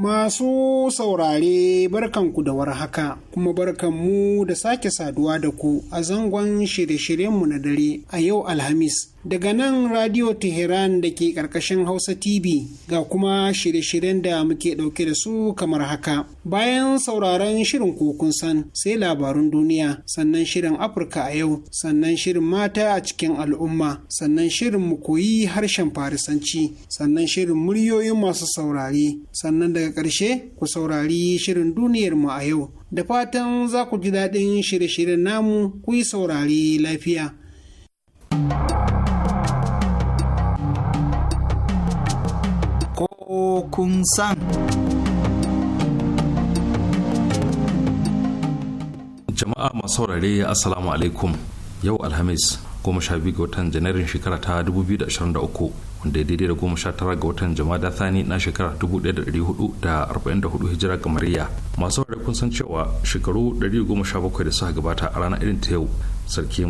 Masu saurare barkanku da warhaka. kuma barkan mu da sake saduwa da ku a zangon shirye-shiryenmu na dare a yau Alhamis. Daga nan Radio Teheran da ke ƙarƙashin Hausa TV ga kuma shirye-shiryen da muke ɗauke da su kamar haka. Bayan sauraron shirin kokun san sai labarun duniya, sannan shirin Afirka a yau, sannan shirin mata a cikin al'umma, sannan shirin mu koyi harshen Farisanci, sannan shirin muryoyin masu saurari, sannan daga ƙarshe ku saurari shirin duniyarmu a yau. da fatan za ku ji daɗin shirye-shiryen namu ku yi saurari lafiya. Ko kun san. Jama'a masu saurare asalamu alaikum yau Alhamis goma sha biyu ga watan Janairun shekara ta 2023. wanda daidai da goma sha tara ga watan jama'a thani na shekara da 1444 hijira kamariya masu ware kun san cewa shekaru 117 da suka gabata a ranar irin ta yau sarki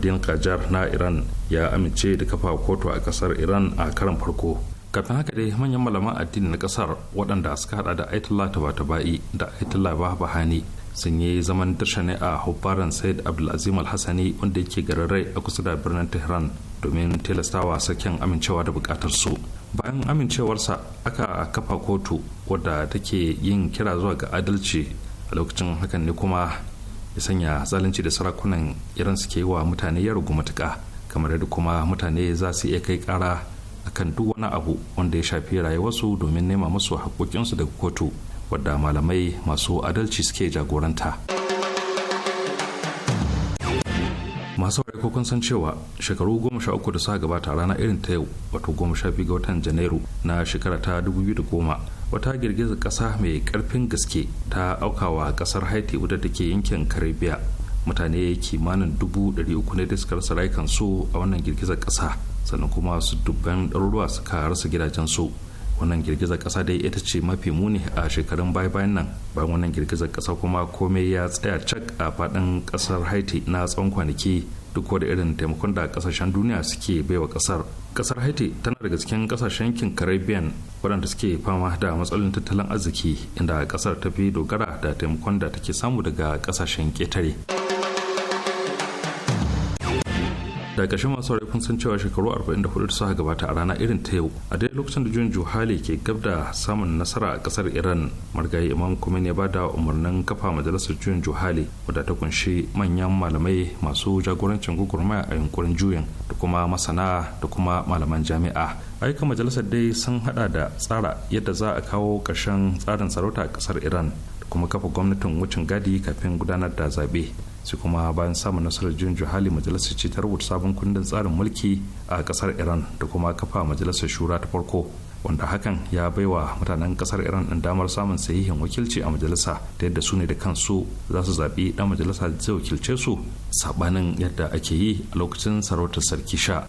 din kajar na iran ya amince da kafa kotu a kasar iran a karan farko kafin haka dai manyan malaman addini na kasar waɗanda suka hada da aitullah tabatabai da aitullah bahani. sun yi zaman tasha ne a hubbaran said abdulazim alhassani wanda yake garin rai a kusa da birnin tehran domin tilastawa saken amincewa da bukatarsu bayan amincewarsa aka kafa kotu wadda take yin kira zuwa ga adalci a lokacin hakan ne kuma ya sanya zalunci da sarakunan iran suke yi wa mutane ya rugu matuka kamar yadda kuma mutane za su iya kai kara akan duk wani abu wanda ya shafi rayuwarsu domin nema musu haƙoƙinsu daga kotu wadda malamai masu adalci suke jagoranta masu ko san cewa shekaru goma sha uku da suka gabata rana irin ta yau wato goma sha biyu ga watan janairu na shekara ta dubu biyu da goma wata girgizar kasa mai karfin gaske ta aukawa kasar haiti wadda take yankin caribbean mutane kimanin dubu dari uku ne da suka rasa rayukansu a wannan girgizar kasa sannan kuma su dubban ɗaruruwa suka rasa gidajensu wannan girgizar kasa dai ita ce mafi muni a shekarun baya bayan nan bayan wannan girgizar kasa kuma komai ya tsaya cak a faɗin kasar haiti na tsawon kwanaki duk da irin taimakon da kasashen duniya suke baiwa kasar kasar haiti tana daga cikin kasashen yankin caribbean waɗanda suke fama da matsalolin tattalin arziki inda kasar ta fi dogara da taimakon da take samu daga kasashen ketare. da ƙarshen masu rai kun san cewa shekaru 44 da suka gabata a rana irin ta yau a dai lokacin da jun juhali ke gab da samun nasara a kasar iran margayi imam kuma ne ba da umarnin kafa majalisar jun juhali wadda ta kunshi manyan malamai masu jagorancin gugurmaya a yunkurin juyin da kuma masana da kuma malaman jami'a ayyukan majalisar dai sun hada da tsara yadda za a kawo ƙarshen tsarin sarauta a kasar iran da kuma kafa gwamnatin wucin gadi kafin gudanar da zaɓe su kuma bayan samun nasarar jin juhali majalisar ce ta rubuta sabon kundin tsarin mulki a kasar iran da kuma kafa majalisar shura ta farko wanda hakan ya baiwa mutanen kasar iran ɗin damar samun sahihin wakilci a majalisa ta yadda su ne da kansu za su zaɓi ɗan majalisa da zai wakilce su saɓanin yadda ake yi a lokacin sarautar sarki sha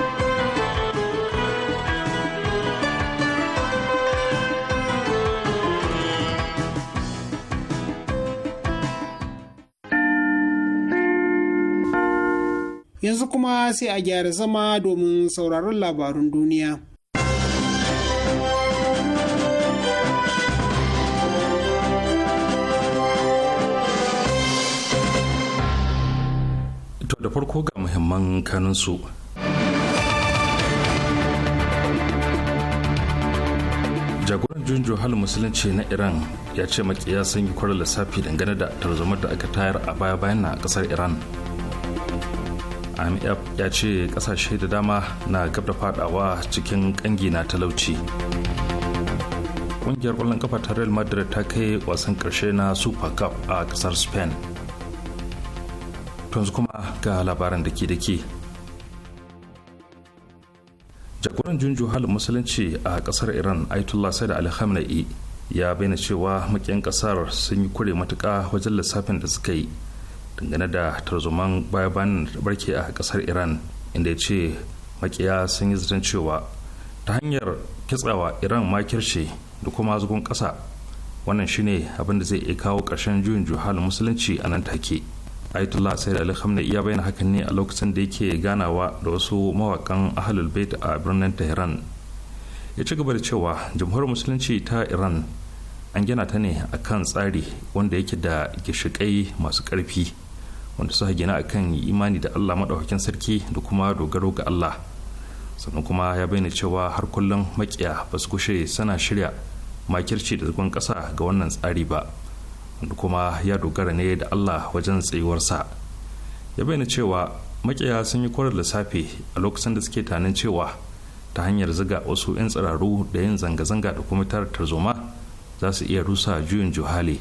kuma sai a gyara zama domin sauraron labarun duniya. To da farko ga muhimman kanunsu. jagoran junjo halin musulunci na iran ya ce makiya sun yi kwarar lissafi dangane da tarzoma da aka tayar a baya bayan na kasar iran imf ya ce kasashe da dama na gab da fadawa cikin kangi na talauci kungiyar kwallon kafa ta real madrid ta kai wasan karshe na super cup a kasar spain yanzu kuma ga labaran da ke da ke jagoran junju halin musulunci a kasar iran ayatollah sai da alhamdulillah ya bayyana cewa makiyan kasar sun yi kure matuka wajen lissafin da suka yi dangane da tarzoman baya-bayan barke a kasar iran inda ya ce makiya sun yi zaton cewa ta hanyar kitsawa iran makirce da kuma zugun kasa wannan shine abin da zai iya kawo ƙarshen juyin juhalin musulunci a nan take ayatollah sai ali khamenei ya bayyana hakan ne a lokacin da yake ganawa da wasu mawakan ahlul bait a birnin tehran ya ci gaba da cewa jamhuriyar musulunci ta iran an gina ta ne a kan tsari wanda yake da gishikai masu ƙarfi wanda suka gina a kan imani da allah maɗaukakin sarki da kuma dogaro ga allah sannan kuma ya bayyana cewa har kullum makiya ba su kushe sana shirya makirci da zagon ƙasa ga wannan tsari ba wanda kuma ya dogara ne da allah wajen tsayuwarsa ya bayyana cewa makiya sun yi kwarar lissafi a lokacin da suke tanin cewa ta hanyar ziga wasu 'yan tsiraru da yin zanga-zanga da kuma tarar tarzoma za su iya rusa juyin juhali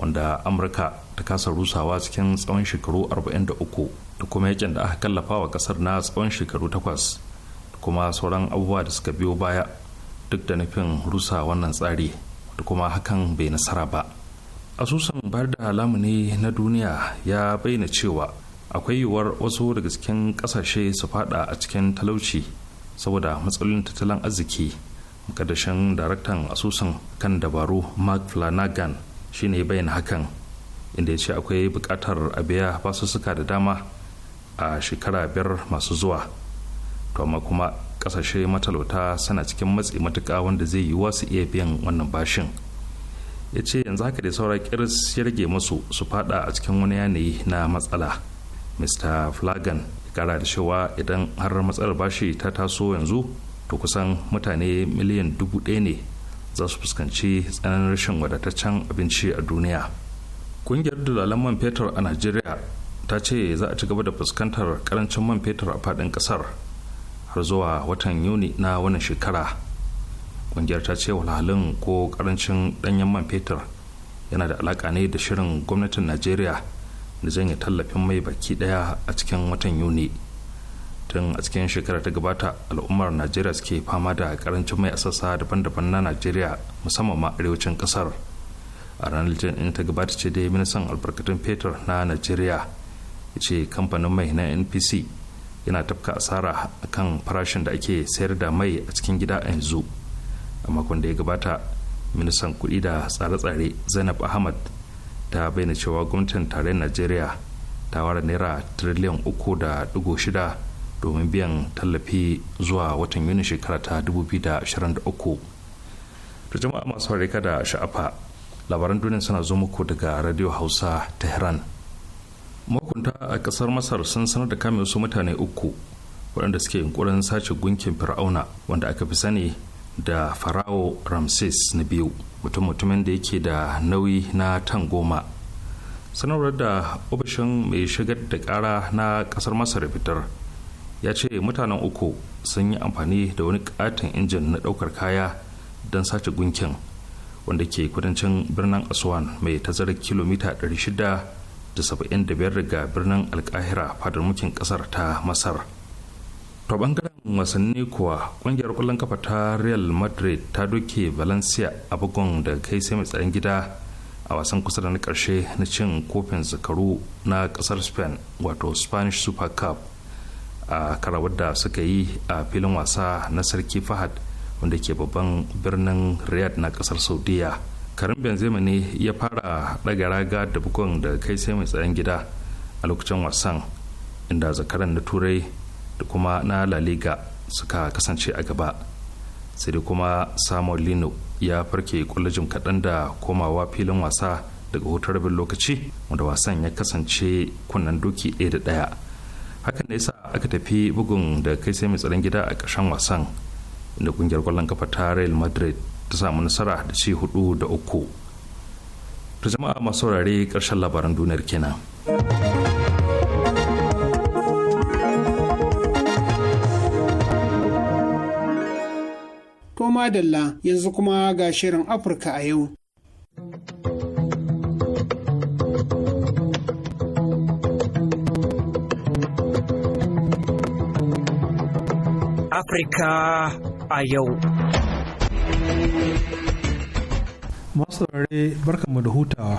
wanda amurka ta kasa rusawa cikin tsawon shekaru 43 da kuma yakin da aka kallafa wa kasar na tsawon shekaru 8 da kuma sauran abubuwa da suka biyo baya duk da nufin rusa wannan tsari da kuma hakan bai nasara ba asusun bayar da lamuni na duniya ya bayyana cewa akwai yiwuwar wasu daga cikin kasashe su fada a cikin talauci saboda matsalolin tattalin arziki mukaddashin daraktan asusun kan dabaru mark flanagan shine bayan hakan inda ya ce akwai bukatar a biya basussuka da dama a shekara biyar masu zuwa to amma kuma kasashe matalauta suna cikin matsi matuka wanda zai yi wasu iya biyan wannan bashin ya ce yanzu haka da saura kiris ya rage musu su fada a cikin wani yanayi na matsala mr flagan ya kara da cewa idan har matsalar bashi ta taso yanzu to kusan mutane miliyan dubu ɗaya ne za su fuskanci tsananin rashin wadataccen abinci a duniya ƙungiyar dalalan man fetur a najeriya ta ce za a ci gaba da fuskantar karancin man fetur a fadin kasar har zuwa watan yuni na wannan shekara ƙungiyar ta ce walhalin ko karancin ɗanyen man fetur yana da alaƙa ne da shirin gwamnatin najeriya da janye tallafin mai baki ɗaya a cikin watan yuni tun a cikin shekara ta gabata al'ummar najeriya suke fama da karancin mai a daban-daban na najeriya musamman ma arewacin kasar a ranar litinin ta gabata ce dai ministan albarkatun fetur na najeriya ya ce kamfanin mai na npc yana tafka asara a kan farashin da ake sayar da mai a cikin gida a yanzu a makon da ya gabata ministan kuɗi da tsare-tsare zainab ahmad ta bayyana cewa gwamnatin tarayyar najeriya ta ware naira triliyan uku da dugo shida domin biyan tallafi zuwa watan yuni shekara ta 2023 da jama'a masu harika da sha'afa labaran duniya suna zo muku daga radio hausa tehran makunta a kasar masar sun sanar da kame wasu mutane uku waɗanda suke yunkurin sace gunkin fir'auna wanda aka fi sani da farao ramses na biyu mutum-mutumin da yake da nauyi na tan goma sanarwar da ofishin mai shigar da ƙara na ƙasar masar fitar ya ce mutanen uku sun yi amfani da wani katin injin na daukar kaya don sace gunkin wanda ke kudancin birnin aswan mai tazarar kilomita 675 daga birnin alkahira fadar mukin kasar ta masar ta bangaren wasanni kuwa kungiyar kwallon kafa ta real madrid ta doke valencia a bugun da kai sai mai tsaron gida a wasan kusa da na karshe na cin kofin zakaru na kasar spain wato spanish super cup a karawar da suka yi a filin wasa na sarki fahad wanda ke babban birnin riyadh na kasar saudiya karim benzema ne ya fara daga raga da bugun da kai sai mai tsayen gida a lokacin wasan inda zakaran na turai da kuma na la suka kasance a gaba sai dai kuma samuel lino ya farke kullajin kaɗan da komawa filin wasa daga hutar bin lokaci wanda wasan ya kasance kunnen doki ɗaya da ɗaya hakan ne yasa aka tafi bugun da kai sai mai tsaron gida a ƙarshen wasan da kungiyar kwallon kafa ta real madrid ta samu nasara da ci hudu da uku to jama'a masu saurare ƙarshen labaran duniyar kenan to madalla yanzu kuma ga shirin afirka a yau Afirka a yau. Masu rare barkanmu da hutawa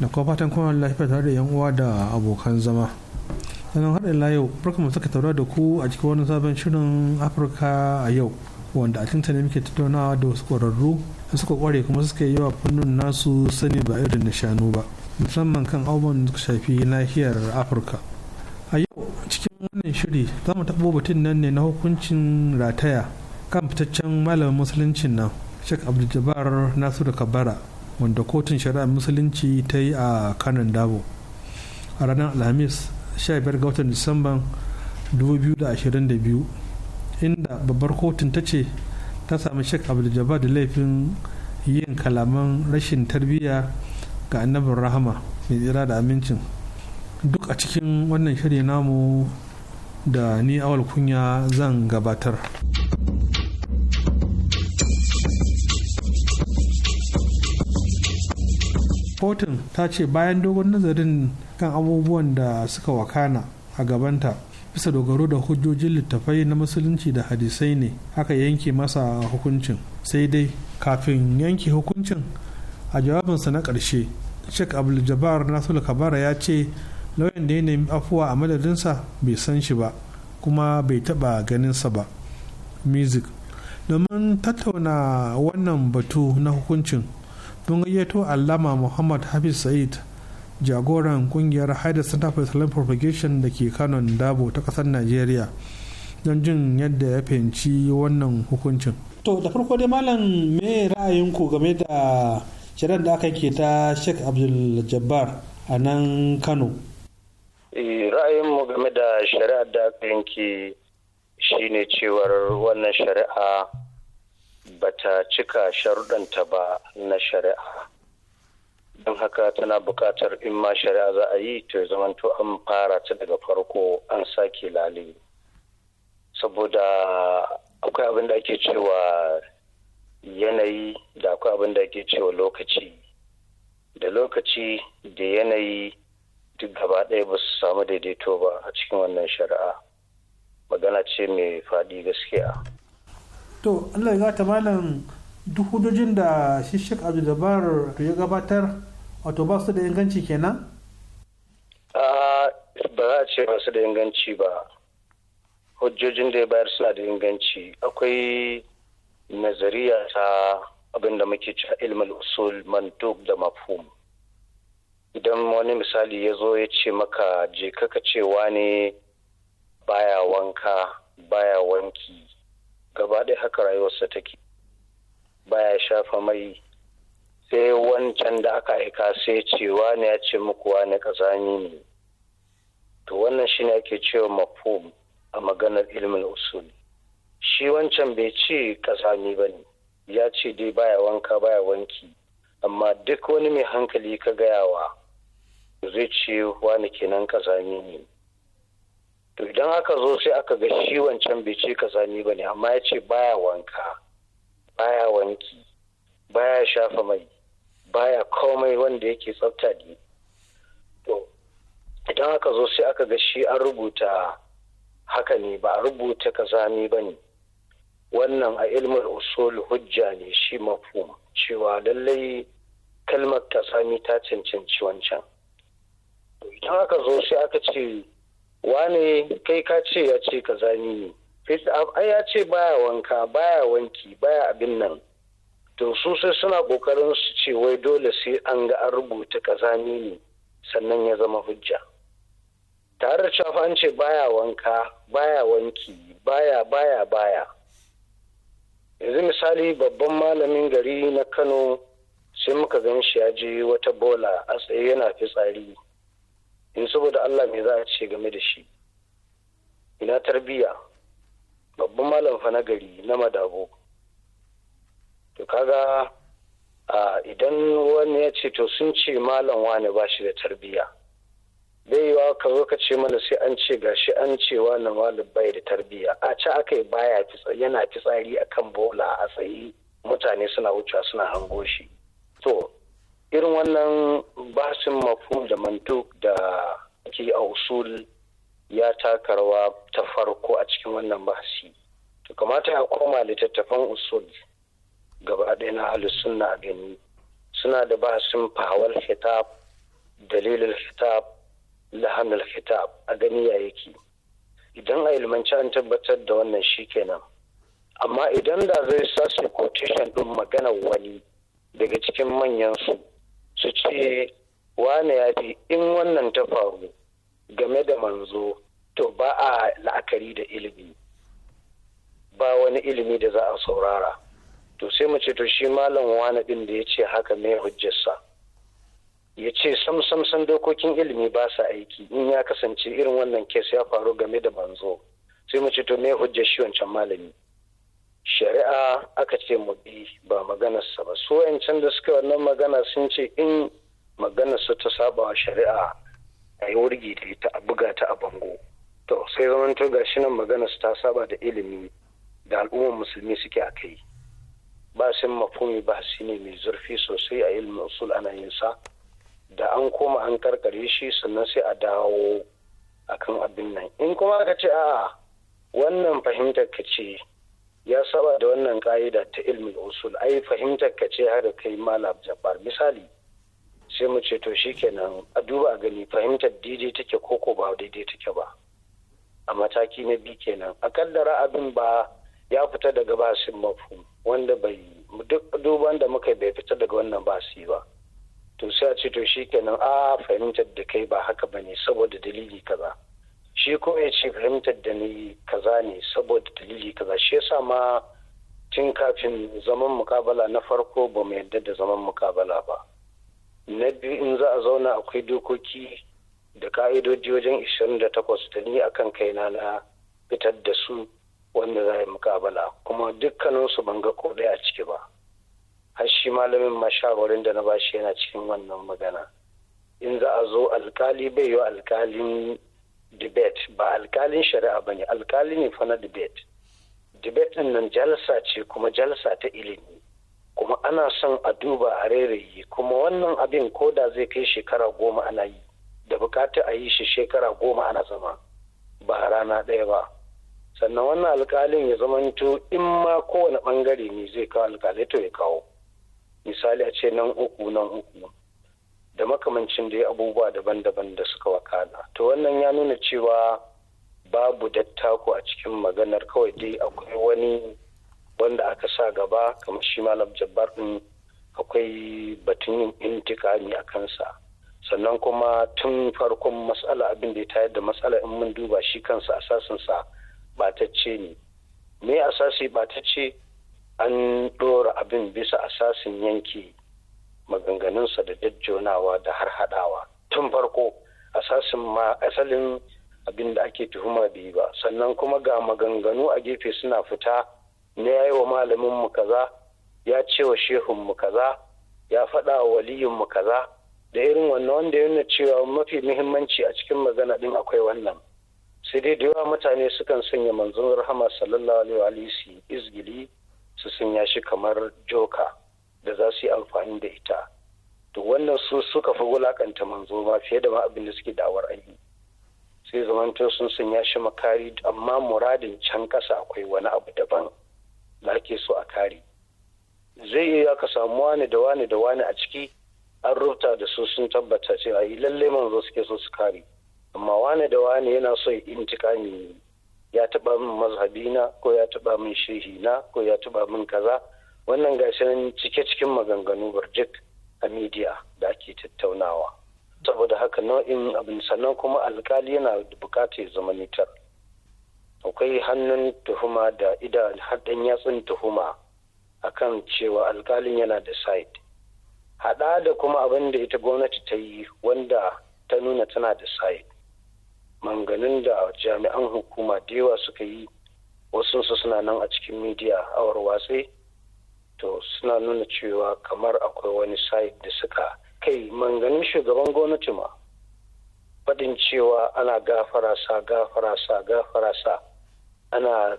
da kuma fatan kuma lafiya tare da yan uwa da abokan zama. Sannan haɗin layo barkanmu suka taura da ku a cikin wani sabon shirin Afirka a yau wanda a cinta ne muke tattaunawa da wasu ƙwararru da suka ƙware kuma suka yi wa fannin nasu sani ba irin na shanu ba musamman kan abubuwan da suka shafi nahiyar Afirka. cikin wannan shiri za mu taɓo batun nan ne na hukuncin rataya kan fitaccen malamin musuluncin nan shek abdul nasiru kabara wanda kotun shari'ar musulunci ta yi a kanan dabo a ranar alhamis 15 ga watan disamban 2022 inda babbar kotun ta ce ta sami shek abdul da laifin yin kalaman rashin tarbiyya ga annabin rahama mai tsira da amincin duk a cikin wannan shirya namu da ni awal kunya zan gabatar kotun ta ce bayan dogon nazarin kan abubuwan da suka wakana a gabanta bisa dogaro da hujjojin littafai na musulunci da hadisai ne aka yanke masa hukuncin sai dai kafin yanke hukuncin a jawabinsa na ƙarshe sheikh abdul jabbar nasul kabara ya ce lauyan da ya nemi afuwa a madadinsa bai san shi ba kuma bai taba ganinsa ba music domin tattauna wannan batu na hukuncin don gayyato allama muhammad hafiz sa'id jagoran kungiyar haida center for islamic propagation da ke kanon dabo ta kasar nigeria don jin yadda ya fahimci wannan hukuncin to da farko dai malam me ra'ayinku game da shirin da aka ke ta sheikh abdul jabbar a nan kano Eh, mu game da shari'ar da aka yanke shine cewar wannan shari'a bata cika sharuɗanta ba na shari'a don haka tana buƙatar in ma shari'a za a yi to zamanto an fara ta daga farko an sake lale saboda akwai abin da ake cewa yanayi da akwai abin da ake cewa lokaci da lokaci da yanayi duk gaba ɗaya ba su samu daidaito ba a cikin wannan shari'a magana ce mai faɗi gaskiya to allah ya ta malam duk hudojin da shishik abu to ya gabatar wato ba su da inganci kenan ba za a ce ba su da inganci ba hujjojin da ya bayar suna da inganci akwai nazariya ta abinda muke cewa ilmul usul mantuk da mafhum idan wani misali ya zo ya ce maka je kaka cewa ne baya wanka baya wanki gaba ɗaya haka rayuwarsa take baya shafa mai sai wancan da aka aika sai cewa ne ya ce muku wani ƙazami ne to wannan shine ake cewa mafhum a maganar ilimin usul shi wancan bai ce ƙazami ba ne ya ce dai baya wanka baya wanki amma duk wani mai hankali ka gayawa zai ce wani kenan kazani ne to idan aka zo sai aka ga shi wancan bai ce kazani ba ne amma ya ce baya wanka baya wanki baya shafa mai baya komai wanda yake tsafta ne to idan aka zo sai aka ga shi an rubuta haka ne ba a rubuta kazani ba ne wannan a ilmin usul hujja ne shi mafhum cewa lallai kalmar tasami ta cancanci wancan can aka zo sai aka ce wane kai ka ce ya ce ka zani ne ai ya ce baya wanka baya wanki baya abin nan to su sai suna kokarin su ce wai dole sai an ga an rubuta zani ne sannan ya zama hujja tare da cewa an ce baya wanka baya wanki baya baya baya yanzu misali babban malamin gari na kano sai muka gan shi ya je wata bola a tsaye yana fitsari in saboda Allah me za a ce game da shi ina tarbiyya babban malam fa nagari na madabo to kaga idan wani ya ce to sun ce malam wani ba shi da tarbiyya bai yiwa ka ka ce mana sai an ce gashi an ce wannan walib bai da tarbiyya a ci aka yi baya yana fitsari akan bola a tsaye mutane suna wucewa suna hango shi to irin wannan basin mafhum da mantuk da ke a usul ya taka rawa ta farko a cikin wannan basi to kamata ya koma littattafan usul gaba ɗaya na sunna a gani suna da basin fawal hitab dalilin hitab lahanin hitab a gani ya yake idan a ilmanci an tabbatar da wannan shi kenan amma idan da zai sasu quotation ɗin maganar wani daga cikin manyan su su ce wane ya fi in wannan ta faru game da manzo to ba a la'akari da ilimi ba wani ilimi da za a saurara to sai mu ce to shi malam wane din da ya ce haka mai hujjarsa ya ce sam sam sam dokokin ilimi ba sa aiki in ya kasance irin wannan kes ya faru game da manzo sai mu ce to mai hujjar shi wancan malami shari'a aka ce mu bi ba maganarsa ba su yancan da suka wannan magana sun ce in maganarsa ta saba wa shari'a a yi wurgi da ta buga ta a bango to sai zaman to shi nan ta saba da ilimi da al'ummar musulmi suke a kai ba sun mafumi ba su ne mai zurfi sosai a ilimin usul ana yin sa da an koma an karkare shi sannan sai a dawo akan abin nan in kuma aka ce a wannan fahimtar ka ce ya saba da wannan ka'ida ta ilmin usul ai fahimtar ka ce har kai malam jabbar misali sai mu ce to shikenan a duba a gani fahimtar daidai take ko ba daidai take ba a mataki na biyu kenan a kaddara abin ba ya fita daga basin mafhum wanda bai duk duban da muka bai fita daga wannan basi ba to sai a ce to shikenan a fahimtar da kai ba haka bane saboda dalili kaza shi kuma ya ce fahimtar da ni kaza ne saboda dalili kaza shi yasa ma tun kafin zaman mukabala na farko ba mu yadda da zaman mukabala ba na biyu in za a zauna akwai dokoki da ka'idodi wajen 28 da ni akan kaina na fitar da su wanda za a yi mukabala kuma dukkaninsu ban ga ko ɗaya a ciki ba har shi malamin mashawarin da na bashi yana cikin wannan magana in za a zo alkali bai yi alkalin debate ba alkalin shari'a bane alkali ne fa na debate debate din nan jalsa ce kuma jalsa ta ilimi kuma ana son a duba a rairayi kuma wannan abin ko da zai kai shekara goma ana yi da bukata a yi shi shekara goma ana zama ba rana ɗaya ba sannan wannan alkalin ya zama to in ma kowane bangare ne zai kawo alkalai to ya kawo misali a ce nan uku nan uku da makamancin da dai abubuwa daban-daban da suka wakana to wannan ya nuna cewa babu dattako a cikin maganar kawai dai akwai wani wanda aka sa gaba kamar shi malam jabbar din akwai batun yin intikami a kansa sannan kuma tun farkon matsala abin da ya tayar da matsala in mun duba shi kansa asasinsa batacce ne me asasi batacce an ɗora abin bisa asasin yanki maganganunsa da jajjonawa da har haɗawa tun farko asasin ma asalin abin da ake tuhuma biyu ba sannan kuma ga maganganu a gefe suna fita na yi wa malamin mu kaza ya ce wa shehun mu kaza ya faɗa wa waliyin mu kaza da irin wannan wanda nuna cewa mafi muhimmanci a cikin magana din akwai wannan sai dai da yawa mutane sukan sanya manzon rahama sallallahu alaihi wa izgili su sanya shi kamar joka da za su yi amfani da ita to wannan su suka fi wulakanta manzo ma fiye da ma abin da suke da'awar ayi sai zamanto sun sanya shi makari amma muradin can ƙasa akwai wani abu daban da ake so a kare zai iya ka samu wani da wani da wani a ciki an rubuta da su sun tabbata cewa yi lallai manzo suke so su kare amma wani da wani yana so ya intikami ya taba min mazhabina ko ya taba min shehi na ko ya taɓa min kaza wannan gashi nan cike cikin maganganu barjik a media da ake tattaunawa saboda haka nau'in abin sannan kuma alkali yana bukatar ya zama nitar akwai hannun tuhuma da ida haɗin yatsun tuhuma akan cewa alkalin yana da site haɗa da kuma abin da ita gwamnati ta yi wanda ta nuna tana da site manganin da jami'an hukuma da yawa suka yi wasu suna nan a cikin midiya awar watsi to suna nuna cewa kamar akwai wani site da suka kai manganin shugaban gwamnati ma faɗin cewa ana gafara sa gafara sa gafara sa ana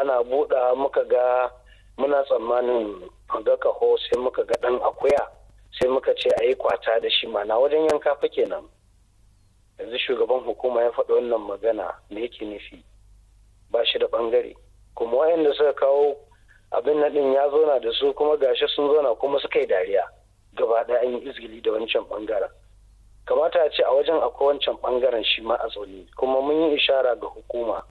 ana buɗa muka ga muna tsammanin ga kaho sai muka ga ɗan akuya sai muka ce a yi kwata da shi mana wajen yanka fa kenan yanzu shugaban hukuma ya faɗi wannan magana me yake nufi ba shi da ɓangare kuma wayanda suka kawo abin naɗin din ya zauna da su kuma gashi sun zauna kuma suka yi dariya gaba ɗaya an yi izgili da wancan bangaren kamata a ce a wajen akwai wancan bangaren shi ma a zaune kuma mun yi ishara ga hukuma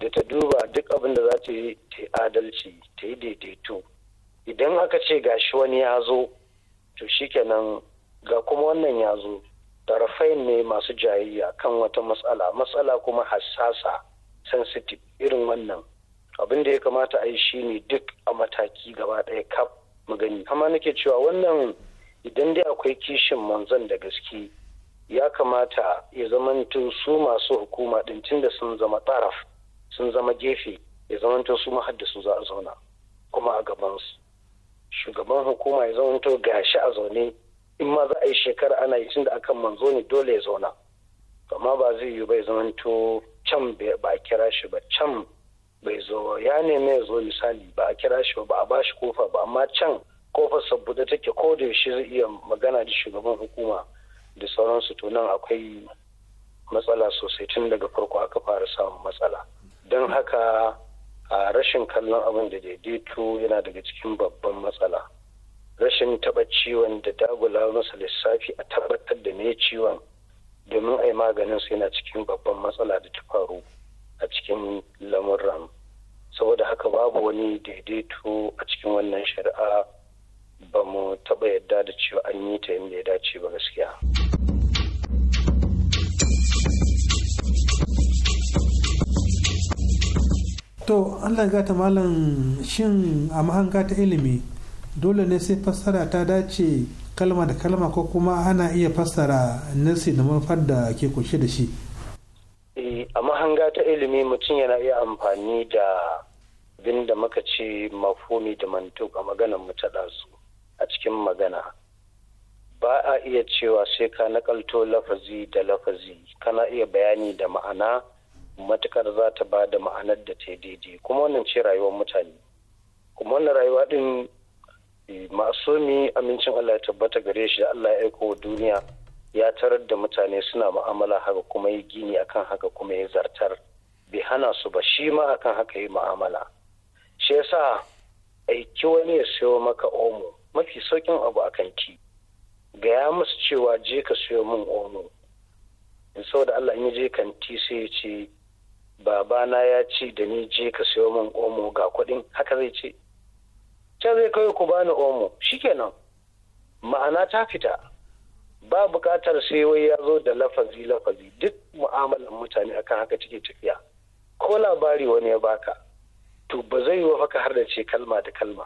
da ta duba duk abin da za ta yi ta adalci ta yi daidaito idan aka ce gashi wani ya zo to shikenan ga kuma wannan ya zo tarafai ne masu jayayya kan wata matsala matsala kuma hassasa sensitive irin wannan abin da ya kamata a yi shi ne duk a mataki gaba ɗaya kaf mu gani amma nake cewa wannan idan dai akwai kishin manzon da gaske ya kamata ya zamanto su masu hukuma din tunda sun zama taraf sun zama gefe ya zamanto su su za a zauna kuma a gabansu shugaban hukuma ya zamanto gashi a zaune in ma za a yi shekara ana yi tunda akan manzo ne dole ya zauna amma ba zai yi ba ya zamanto can ba kira shi ba can bai zo ya neme ya zo misali ba a kira shi ba a ba shi kofa ba amma can kofar da take ko da yaushe zai iya magana da shugaban hukuma da sauransu to nan akwai matsala sosai tun daga farko aka fara samun matsala don haka a rashin kallon abin da daidaito yana daga cikin babban matsala rashin taɓa ciwon da dagula masa lissafi a tabbatar da ciwon domin a yi maganin su yana cikin babban matsala da ta faru a cikin lamurran saboda haka babu wani daidaito a cikin wannan shari'a ba mu taɓa yadda da cewa an yi ta yadda ya dace ba gaskiya. to allah ta malam shin a mahanga ta ilimi dole ne sai fassara ta dace kalma da kalma ko kuma ana iya fassara nasi da manufar da ke kunshe da shi a mahanga ta ilimi mutum yana iya amfani da bin da muka ce mafomi da mantuk a maganar mu ta a cikin magana ba a iya cewa sai ka nakalto lafazi da lafazi kana iya bayani da ma'ana matukar za ta ba da ma'anar da ta daidai kuma wannan ce rayuwar mutane kuma wannan rayuwa din eh, masumi amincin Allah ya tabbata gare shi da Allah ya aiko duniya ya tarar da mutane suna ma'amala haka kuma ya gini akan haka kuma ya zartar bai hana su ba shi ma akan haka yi mu'amala shi yasa aiki wani ya sayo maka omo mafi saukin abu akan ki gaya musu cewa je ka sayo min omo in saboda Allah in je kanti sai ya ce babana ya ce da ni je ka sayo min omo ga kuɗin haka zai ce can zai kai ku bani omo shikenan ma'ana ta fita ba bukatar sai wai ya zo da lafazi lafazi duk mu'amalar mutane akan haka take tafiya ko labari wani ya baka to ba zai yi wa har da ce kalma da kalma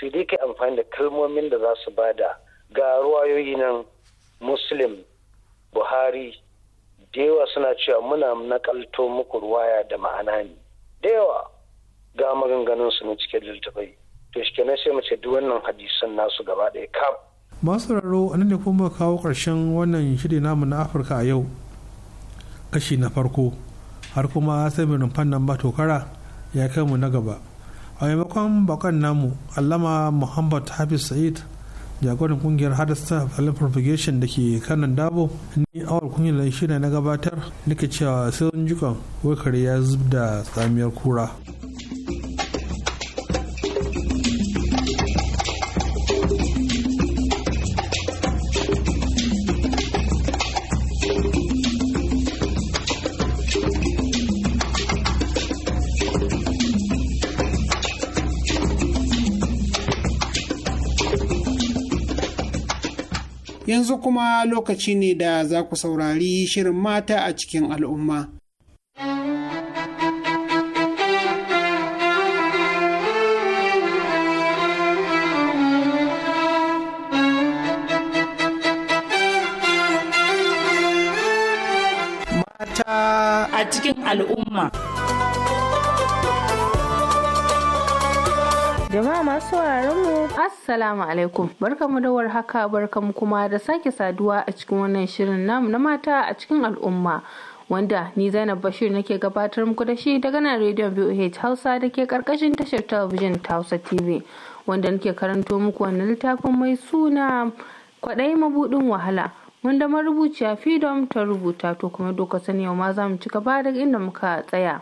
sai dai kai amfani da kalmomin da za su bada ga ruwayoyi nan muslim buhari da yawa suna cewa muna nakalto muku ruwaya da ma'ana ne da yawa ga maganganun su na cikin littattafai. to shi kenan sai mace duk wannan hadisan nasu gaba ɗaya kaf masu raro nan ne kuma kawo ƙarshen wannan shiri namu na afirka a yau kashi na farko har kuma sai mai rumfan nan ba tokara ya kai mu na gaba a maimakon bakan namu allama muhammad hafiz sa'id jagoran kungiyar hadasta falin propagation da ke kanan dabo ni awar kungiyar shi shida na gabatar nake cewa sai wani jikon ya zub da tsamiyar kura. yanzu kuma lokaci ne da za ku saurari shirin mata a cikin al'umma. Mata a cikin al'umma. Jama'a masu mu Assalamu alaikum. Barkamu da warhaka barkamu kuma da sake saduwa a cikin wannan shirin namu na mata a cikin al'umma. Wanda ni Zainab Bashir nake gabatar muku da shi daga nan rediyon boh Hausa da ke karkashin tashar talabijin ta Hausa TV. Wanda nake karanto muku wannan littafin mai suna kwaɗayi mabuɗin wahala. Wanda marubuciya Fidom ta rubuta to kuma doka sani yau ma za mu ci gaba daga inda muka tsaya.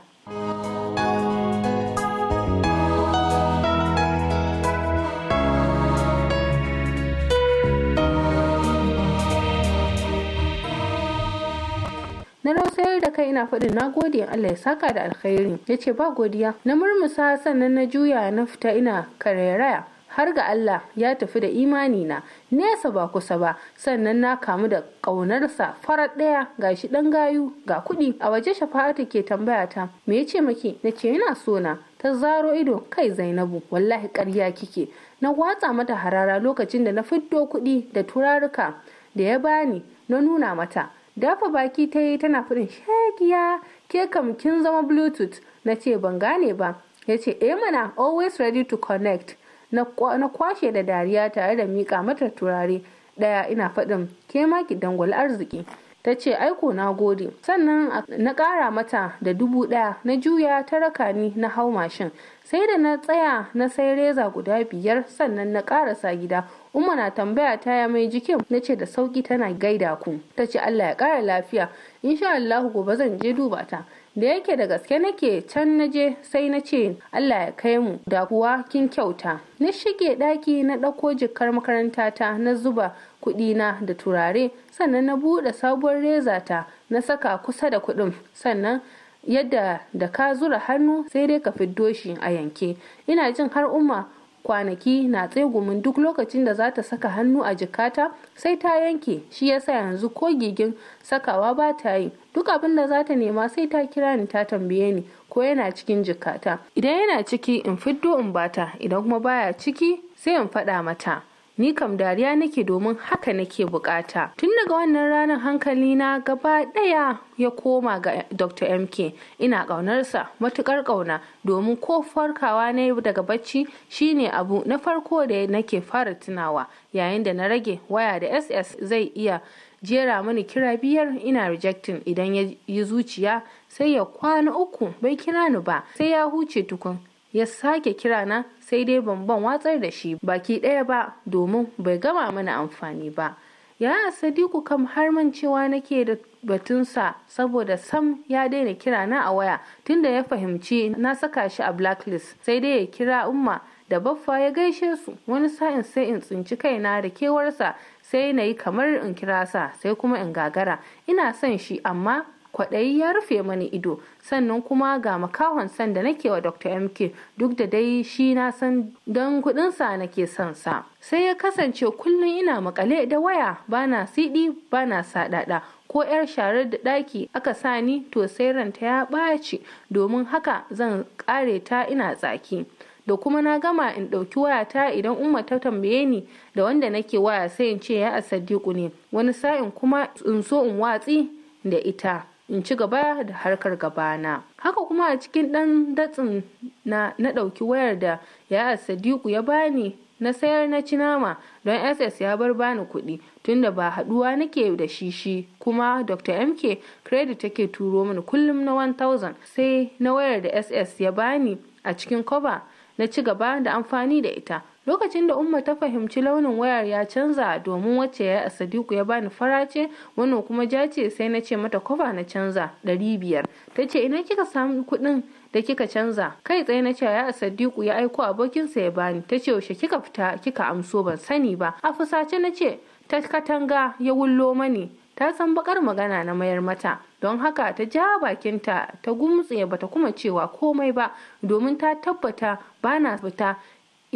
na rausayar da kai ina faɗin na gode Allah ya saka da alkhairi ya ce ba godiya na murmusa sannan na juya na fita ina karairaya har ga Allah ya tafi da imani na nesa ba kusa ba sannan na kamu da ƙaunarsa farar ɗaya ga shi ɗan gayu ga kuɗi a waje shafa'atu ke tambaya ta me ya ce maki na ce yana sona ta zaro ido kai zainabu wallahi ƙarya kike na watsa mata harara lokacin da na fiddo kuɗi da turaruka da ya bani na nuna mata dafa baki ta yi tana fudin shagiya ke kam kin zama bluetooth na ce ban gane ba ya ce eh mana always ready to connect na kwashe da dariya tare da miƙa mata turare daya ina faɗin ke maki dangwal arziki ta ce aiko na gode sannan na ƙara mata da dubu ɗaya na juya ta raka ni na hau mashin sai da na tsaya na sai reza guda biyar sannan na karasa gida umma na tambaya ta ya mai jikin na ce da sauki tana gaida ku ta ce allah ya kara lafiya insha allahu gobe zan je duba ta da yake da gaske nake can na je sai na ce allah ya kai mu da kuwa kin kyauta na shige daki na ɗauko jikar makarantata na zuba kudina da turare sannan na buɗe sabuwar reza ta na saka kusa da kudin sannan yadda da ka zura hannu sai dai ka fiddo shi a yanke ina jin har umma kwanaki na tsegumin duk lokacin da za ta saka hannu a jikata sai ta yanke shi yasa yanzu ko gigin sakawa ba ta yi duk abin da za ta nema sai ta kira ni ta tambaye ni ko yana cikin jikata idan yana ciki in fiddo in bata idan kuma baya ciki sai in faɗa mata ni kam dariya nake domin haka nake bukata tun daga wannan ranar hankali na gaba daya ya koma ga dr mk ina ƙaunarsa matuƙar ƙauna domin ko farkawa na daga bacci shine abu na farko da nake fara tunawa yayin da na rage waya da ss zai iya jera mani kira biyar ina rejecting idan ya yi zuciya sai ya kwana uku bai kira ni ba sai ya huce tukun ya sake kira na sai dai ban ban watsar da shi baki ɗaya ba domin bai gama mana amfani ba ya sadiku kam har man cewa nake da batunsa saboda sam ya daina kira na a waya tunda ya fahimci na saka shi a blacklist sai dai ya kira umma da baffa ya gaishe su wani sa'in sai in tsinci kaina da kewarsa sai na yi kamar in kira sa sai kuma in gagara ina son shi amma kwaɗayi ya rufe mani ido sannan kuma ga makahon san da nake wa dr mk duk da dai shi na san don kudinsa nake son sa sai ya kasance kullum ina makale da waya bana siɗi bana saɗaɗa ko 'yar sharar da ɗaki aka sani to sai ranta ya ɓaci domin haka zan ƙare ta ina tsaki da kuma na gama in ɗauki wayata idan umma ta tambaye ni da wanda nake waya sai in ce ya a sadiku ne wani sa'in kuma in so in watsi da ita in ci gaba da harkar gabana haka kuma a cikin ɗan datsin na na ɗauki wayar da ya sadiku ya bani na sayar na cinama don ss ya bar bani kuɗi tunda ba haɗuwa nake da shi shi kuma dr mk credit take turo mini kullum na 1000 sai na wayar da ss ya bani a cikin kwaba na ci gaba da amfani da ita lokacin da umma ta fahimci launin wayar ya canza domin wacce ya a sadiku ya bani farace ce wannan kuma jace sai na ce mata kwafa na canza ɗari biyar ta ce ina kika samu kuɗin da kika canza kai tsaye na ce ya a sadiku ya aiko abokinsa ya bani ta ce yaushe kika fita kika amso ban sani ba a fusace na ce ta katanga ya wullo mani ta san bakar magana na mayar mata don haka ta ja bakinta ta gumtse bata kuma cewa komai ba domin ta tabbata bana fita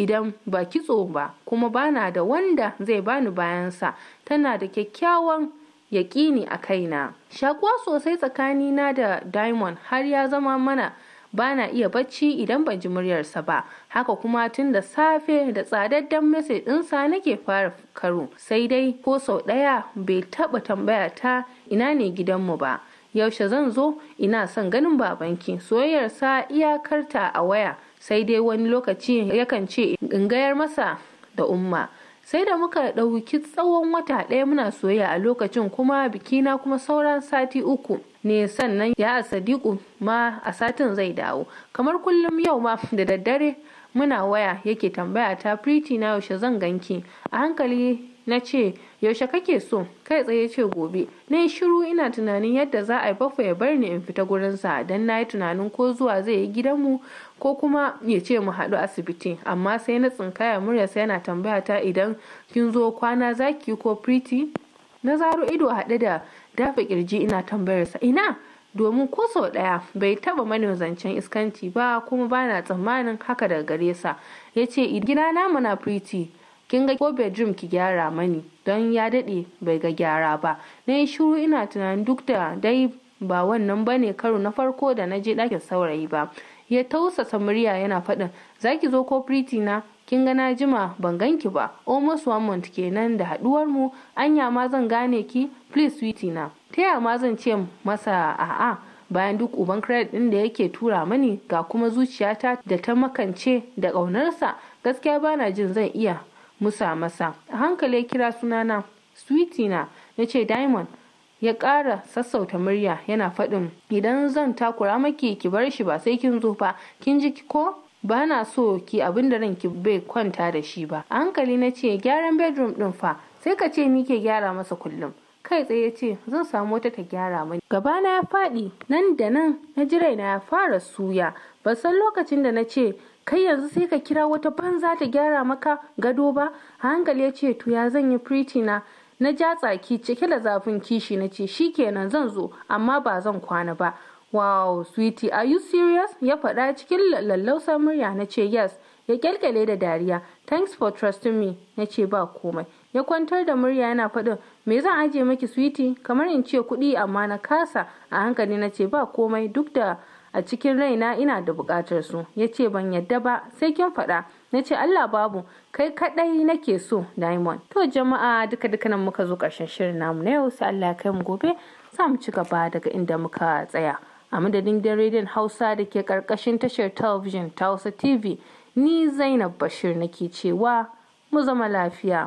idan ba kitso ba kuma ba na da wanda zai bani bayansa tana da kyakkyawan yaƙini a kaina shakuwa sosai tsakanina da diamond har ya zama mana ba na iya bacci idan ban ji muryarsa ba haka kuma tun da safe da tsadaddan message ɗinsa nake fara karo sai dai ko sau ɗaya bai taɓa tambaya ta ina ne gidanmu ba yaushe zan zo ina son ganin babanki soyayyarsa iyakarta a waya sai dai wani lokaci yakan ce in gayar masa da umma sai da muka ɗauki tsawon wata ɗaya muna soyayya a lokacin kuma bikina kuma sauran sati uku ne sannan ya a sadiku ma a satin zai dawo kamar kullum yau ma da daddare muna waya yake tambaya ta priti na yaushe zan ganki a hankali na ce yaushe kake so kai tsaye ce gobe na yi shiru ina tunanin yadda za a yi bafa ya bar ni in fita gurinsa don na yi tunanin ko zuwa zai yi gidanmu ko kuma ya ce mu haɗu asibiti amma sai na tsinkaya murya sai yana tambaya ta idan kin zo kwana zaki ko priti na zaro ido haɗe da dafa kirji ina tambayar sa ina domin ko sau ɗaya bai taɓa mani zancen iskanci ba kuma bana tsammanin haka daga gare sa ya ce gida na muna priti kin ga ko bedroom ki gyara mani don ya daɗe bai ga gyara ba na yi shiru ina tunanin duk da dai ba wannan bane karo na farko da na je ɗakin saurayi ba ya tausasa murya yana faɗin ki zo ko na kin ga jima ban ganki ba almost one month kenan da haduwar mu anya ma zan gane ki please sweetie na ta ya ma zan ce masa a'a bayan duk uban credit din da yake tura mani ga kuma zuciyata da ta makance da ƙaunarsa gaskiya bana jin zan iya musa masa a hankali kira sunana sweetie na na ce diamond ya ƙara sassauta murya yana faɗin idan zan takura maki ki bar shi ba sai kin zo fa, kin ji ko ba na so ki abin da ranki bai kwanta da shi ba a hankali na ce gyaran bedroom ɗin fa sai ka ce ni ke gyara masa kullum kai tsaye ce zan samu wata ta gyara mani gabana ya faɗi nan da nan na ji raina ya fara suya ba san lokacin da na ce kai yanzu sai ka kira wata banza ta gyara maka gado ba a hankali ya ce to ya zan yi firiti na na ja tsaki cike da zafin kishi na ce kenan zan zo amma ba zan kwana ba wow sweetie are you serious ya faɗa cikin lallausar murya na ce yes ya kyalkyale da dariya thanks for trusting me na ce ba komai ya kwantar da murya yana faɗin me zan aje maki sweetie kamar in ce kuɗi amma na kasa a hankali na ce ba komai duk da a cikin raina ina da buƙatar su ya ce ban yadda ba sai kin faɗa na ce Allah babu kai kadai nake so diamond to jama'a duka duka nan muka zo karshen shirin namu na yau sai Allah ya kai mu gobe za mu ci gaba daga inda muka tsaya a madadin da rediyon hausa da ke karkashin tashar talabijin ta hausa tv ni zainab bashir nake cewa mu zama lafiya.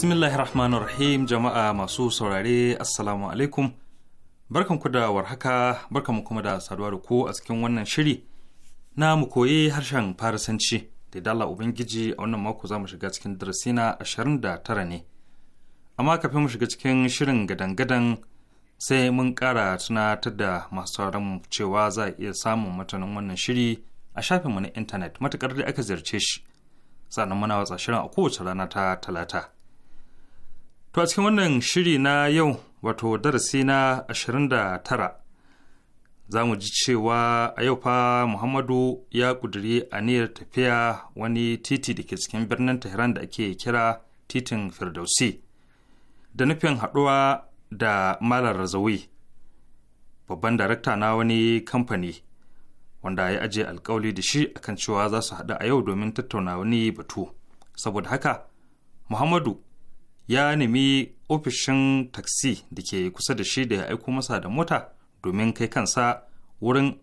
rahim jama'a masu saurare Assalamu alaikum. Barkan ku da warhaka, barkan mu kuma da saduwa da ku a cikin wannan shiri na mu koyi harshen Farisanci da dala Ubangiji a wannan mako za mu shiga cikin darasi na tara ne. Amma kafin mu shiga cikin shirin gadangadan sai mun kara tunatar da masu sauran cewa za a iya samun matanin wannan shiri a shafinmu na intanet matuƙar da aka ziyarce shi. sannan muna watsa shirin a kowace rana ta talata To a cikin wannan shiri na yau wato darasi na ashirin 29 za mu ji cewa a yau fa Muhammadu ya ƙudiri aniyar tafiya wani titi da ke cikin birnin Tehran da ake kira titin Firdausi da nufin haɗuwa da Malar Razawi babban darakta na wani kamfani wanda ya ajiye alkawali da shi akan cewa za su haɗu a yau domin tattauna wani batu saboda haka Muhammadu ya nemi ofishin taksi da ke kusa da shi da ya aiko masa da mota domin kai kansa wurin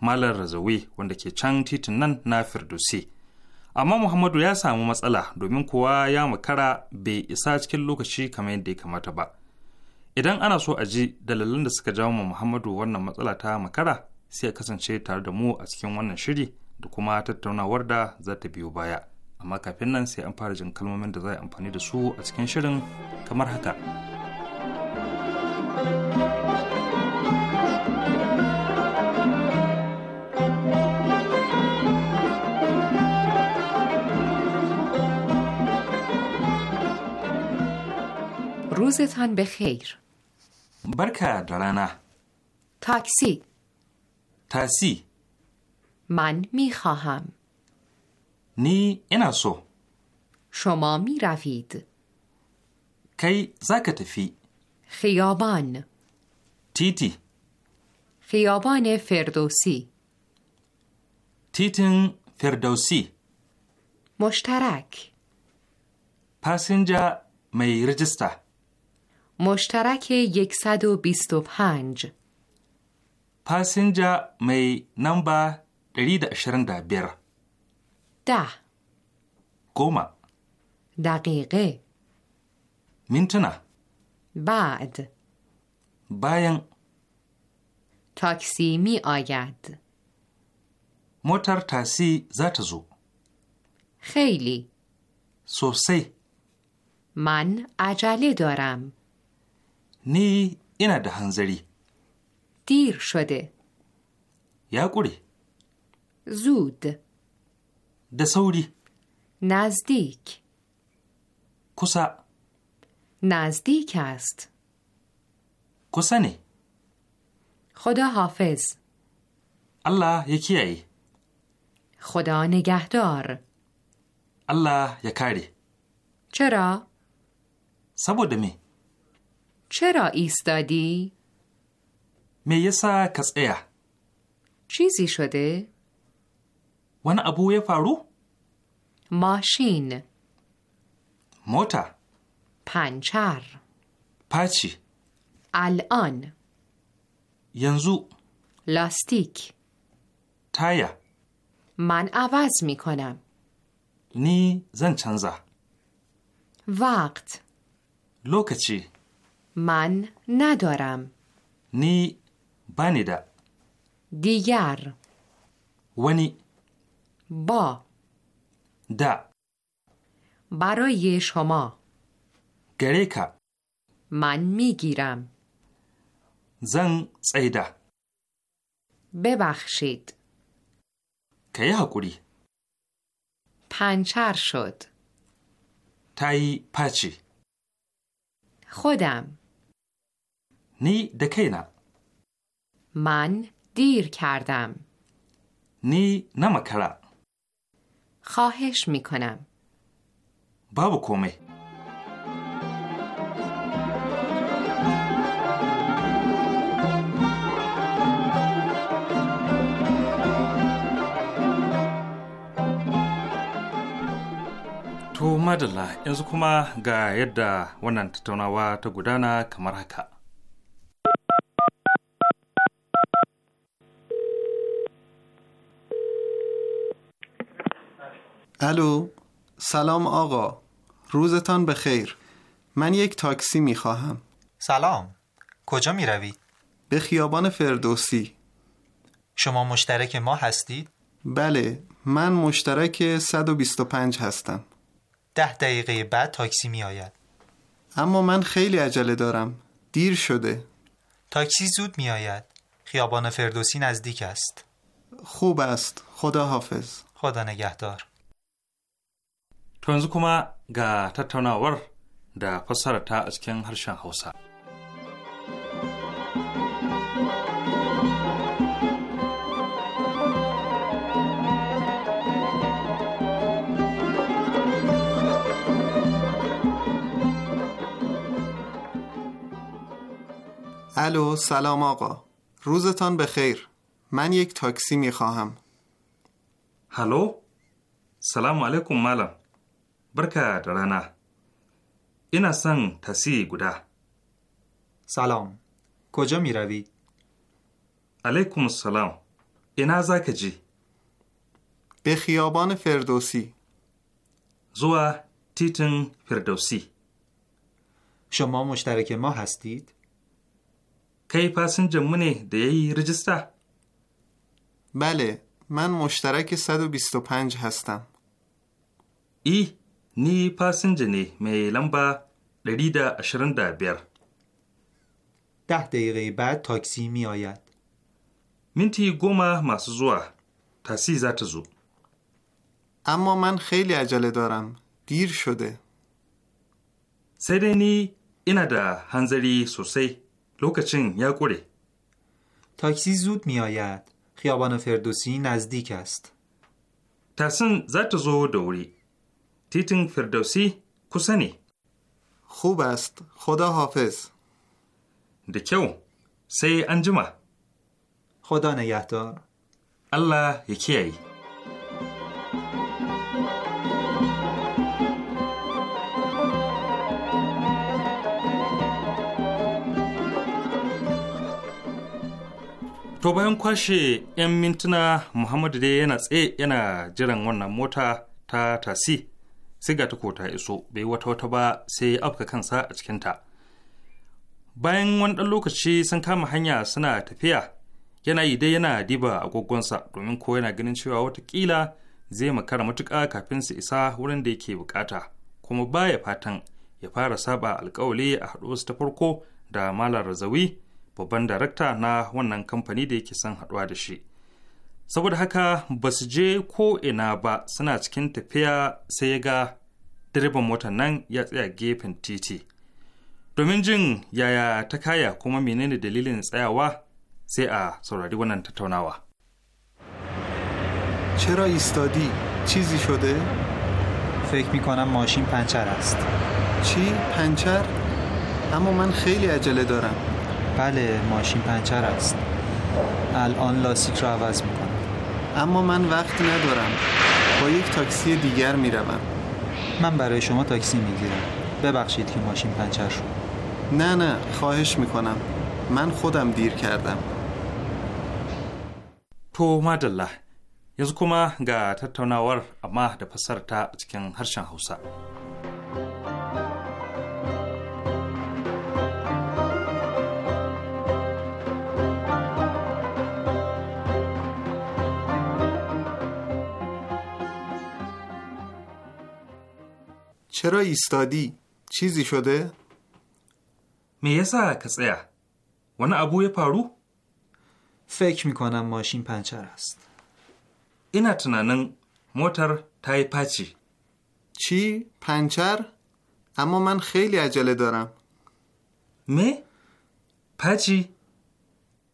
malar razawi wanda ke can titin nan na firdausi amma muhammadu ya samu matsala domin kuwa ya makara bai isa cikin lokaci kamar yadda ya kamata ba idan ana so a ji dalilan da suka jawo ma muhammadu wannan matsala ta makara sai a kasance tare da mu a cikin wannan shiri da kuma tattaunawar da za ta biyo baya amma kafin nan sai an fara jin kalmomin da za a amfani da su a cikin shirin kamar haka. روزتان بخیر برکه درانا تاکسی تاسی من میخواهم نی اینا سو شما می روید کی زکت فی خیابان تیتی خیابان فردوسی تیتن فردوسی مشترک پسنجا می رجستا مشترک 125 پسنجا می نمبر 125 ده گما، دقیقه مینتنا بعد باین تاکسی می آید موتر تاسی زت زو خیلی سوسی من عجله دارم نی اینا ده هنزری دیر شده یا گوری زود د سوری نزدیک کسا نزدیک است کسنه خدا حافظ الله یکی ای خدا نگهدار الله یکاری چرا؟ سبود می چرا ایستادی؟ می یسا چیزی شده؟ wani abu ya faru? Machine. Mota. Panchar. Paci. Al'an. Yanzu. Lastik. Taya. Man avaz mi kunam. Ni zan canza. Vakt. Lokaci. Man nadoram. Ni bani da. Diyar. Wani. با دا برای شما گریکا من میگیرم زن سیده ببخشید کیا کوری پنچر شد تای پچی خودم نی دکینا من دیر کردم نی نمکرم خواهش می کنم بابو کومه To madalla yanzu kuma ga yadda wannan tattaunawa ta gudana kamar haka. الو سلام آقا روزتان به خیر، من یک تاکسی می خواهم سلام کجا می روید؟ به خیابان فردوسی شما مشترک ما هستید؟ بله من مشترک 125 هستم ده دقیقه بعد تاکسی می آید اما من خیلی عجله دارم دیر شده تاکسی زود می آید خیابان فردوسی نزدیک است خوب است خدا حافظ خدا نگهدار To yanzu kuma ga tattaunawar da fassarata a cikin harshen Hausa. الو سلام آقا روزتان بخیر من یک تاکسی میخواهم. خواهم هلو سلام علیکم ملم برکه رانا. رانه این اصلا تسی گوده سلام کجا می روی؟ علیکم السلام اینا زکجی به خیابان فردوسی زوا تیتن فردوسی شما مشترک ما هستید؟ کی پاسنج د دیگه رجسته؟ بله من مشترک 125 هستم ای نی پاسنجه نه می لمبا 125 ده دقیقه بعد تاکسی می آید منتی گوما ماسو زوا تاسی زات زو اما من خیلی عجله دارم دیر شده سرنی اینا دا هنزری سوسی لوکچین یا گوره تاکسی زود می آید خیابان فردوسی نزدیک است تاسن زات زو دوری titin firdausi kusa ne. خوب است خدا da kyau sai an jima na نگهدار Allah ya kiyaye To bayan kwashe 'yan mintuna Muhammadu dai yana tsaye yana jiran wannan mota ta tasi sai ga tako ta iso bai wata wata ba sai ya afka kansa a cikinta bayan wani ɗan lokaci sun kama hanya suna tafiya yana yi dai yana diba agogonsa domin ko yana ganin cewa watakila zai makara matuƙa kafin su isa wurin da yake bukata kuma baya fatan ya fara saba alkawali a haɗuwarsu ta farko da malar zawi babban darakta na wannan kamfani da yake son haɗuwa da shi saboda haka ba su je ko ina ba suna cikin tafiya sai ya ga direban motar nan ya tsaya gefen titi domin jin yaya ta kaya kuma menene dalilin tsayawa sai a saurari wannan tattaunawa چرا ایستادی؟ چیزی شده؟ فکر می ماشین پنچر است چی؟ پنچر؟ اما من خیلی عجله دارم بله ماشین پنچر است الان لاستیک را عوض اما من وقت ندارم با یک تاکسی دیگر می من برای شما تاکسی می گیرم ببخشید که ماشین پنچر شد نه نه خواهش می من خودم دیر کردم تو مدله yanzu kuma گا اما اما پسر پسرته چیکن هرشن حوصه. چرا ایستادی؟ چیزی شده؟ میسا کسیا ونا ابوی پارو؟ فکر میکنم ماشین پنچر است اینا تنانن موتر تای پچی چی؟ پنچر؟ اما من خیلی عجله دارم می؟ پچی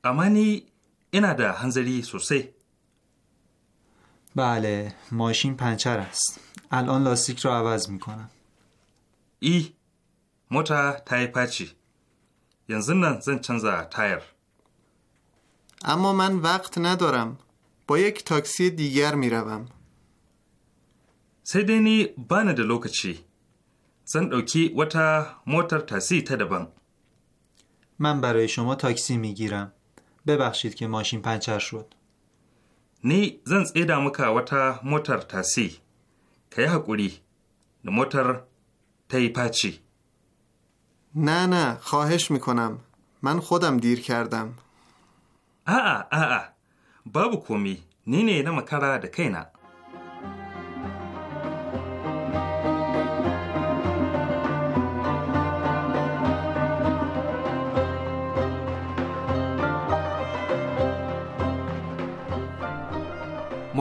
اما نی اینا ده هنزلی سوسی بله ماشین پنچر است الان لاستیک رو عوض میکنم ای موتا تای پچی ینزن زن چنزا تایر اما من وقت ندارم با یک تاکسی دیگر میروم سیدنی بانه ده لوکچی زن اوکی وتا موتر تاسی تدبن. من برای شما تاکسی میگیرم ببخشید که ماشین پنچر شد نی زن ایدامکا و وتا موتر تاسی ka yi haƙuri da motar ta yi face. Na na, khawahish mikonam, man khodam dir A'a, a'a, babu komi, ni ne na makara da kaina.